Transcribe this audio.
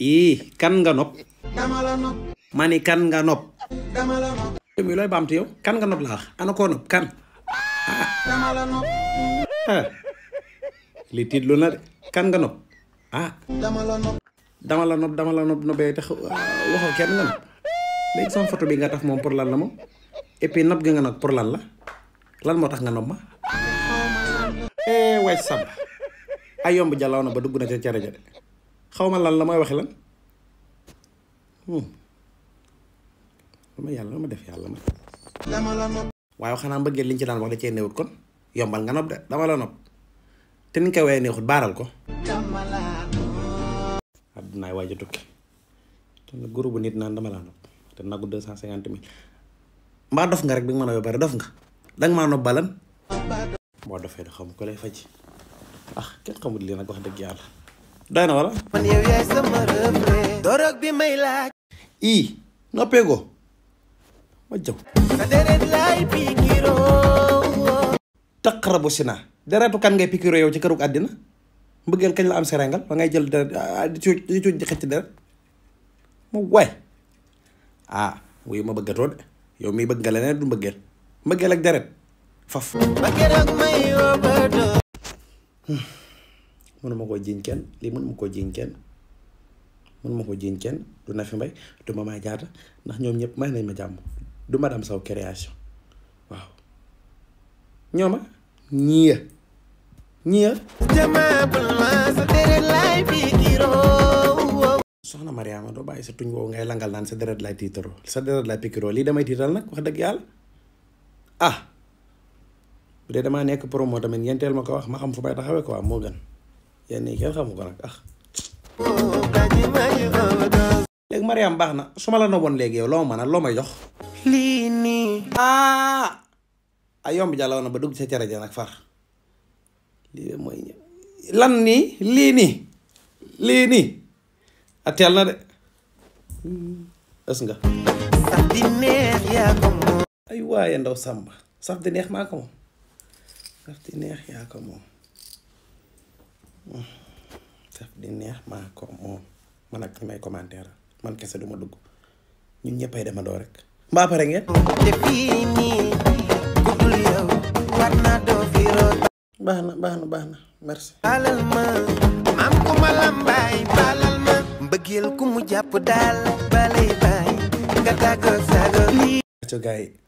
ih kan nga nop ma kan nga nopp mi looy yow kan nga nop la wax ana kan li tit lu na kan nga nop ah dama eh. la kan nop ah. dama ya, ah, la eh, no be tax waxo kenn nga lay léegi sama photo bi nga tax mom pour lan la mom et puis nop nga nak pour lan la lan moo nga nop ma eh way sab ayom bu jàllaw na ba ci xaw ma lan la mooy waxi lan lu hmm. yàlla ma def yàlla ma waaye xanaa mbëggeel liñ ci daan wax da cee néewut kon yombal nga nopp de dama la nopp te niñ koy wee neexut baaral ko àddunaay waaj a tukki te na guru bu nit naan dama la nopp te nagu de cent cinquante mille mbaa dof nga rek bi nga mën a bari dof nga danga maa nopp balan boo dofee xaw mu ko lay faj ah kenn xamul lii nag wax dëgg yàlla doy na wala man yow yaay sama reflet dorog bi i noppee go ma jëm sa deret laay pikiro kan ngay pikiro yow ci këruk àddina mbëggeel kañ la am serengal ba ngay jël deret di cuuj ah wuyu ma bëggatoo rod? yow mi bëgg nga leneen du mbëggeel mbëggeel ak deret faf ak may mënuma koo jiñ kenn li mënuma koo jiñ kenn mënuma koo jiñ kenn du Nafi Mbaye du ma may jaata ndax ñoom ñëpp may nañ ma jàmm du madame saw création waaw ñooma ah, ñiya ah, ñiya ah. soxna Mariama do bàyyi sa tuñ woowu ngay langal naan sa deret lay tiitaroo sa deret lay pikiroo lii damay tiital nag wax dëgg yàlla ah bu dee damaa nekk promo tamit yenteel ma ko wax ma xam fu may taxawee quoi moo gën yani kenn xamu ko nag ah léegi Mariam baax na su ma la noboon léegi yow loo mën a may jox lii nii ah ay yomb jàllaw na ba dugg sa cere ja nag far lii mooy lan nii lii nii lii nii a teel na de ës nga saf di neex ya, ndaw sàmba saf di neex maa ko moom di neex yaa ko moom daf di neex ya, ma ko moom man ak ñi may commentaire man kese du ma dugg ñun ñëppay dama doo rek mbaa pare ngeen te fii nii guddul yow war naa doo fi root baax na baax merci balal ma maam ku ma lambaay balal ma mbëggeel ku mu jàpp daal balay baay nga tàggoo sago lii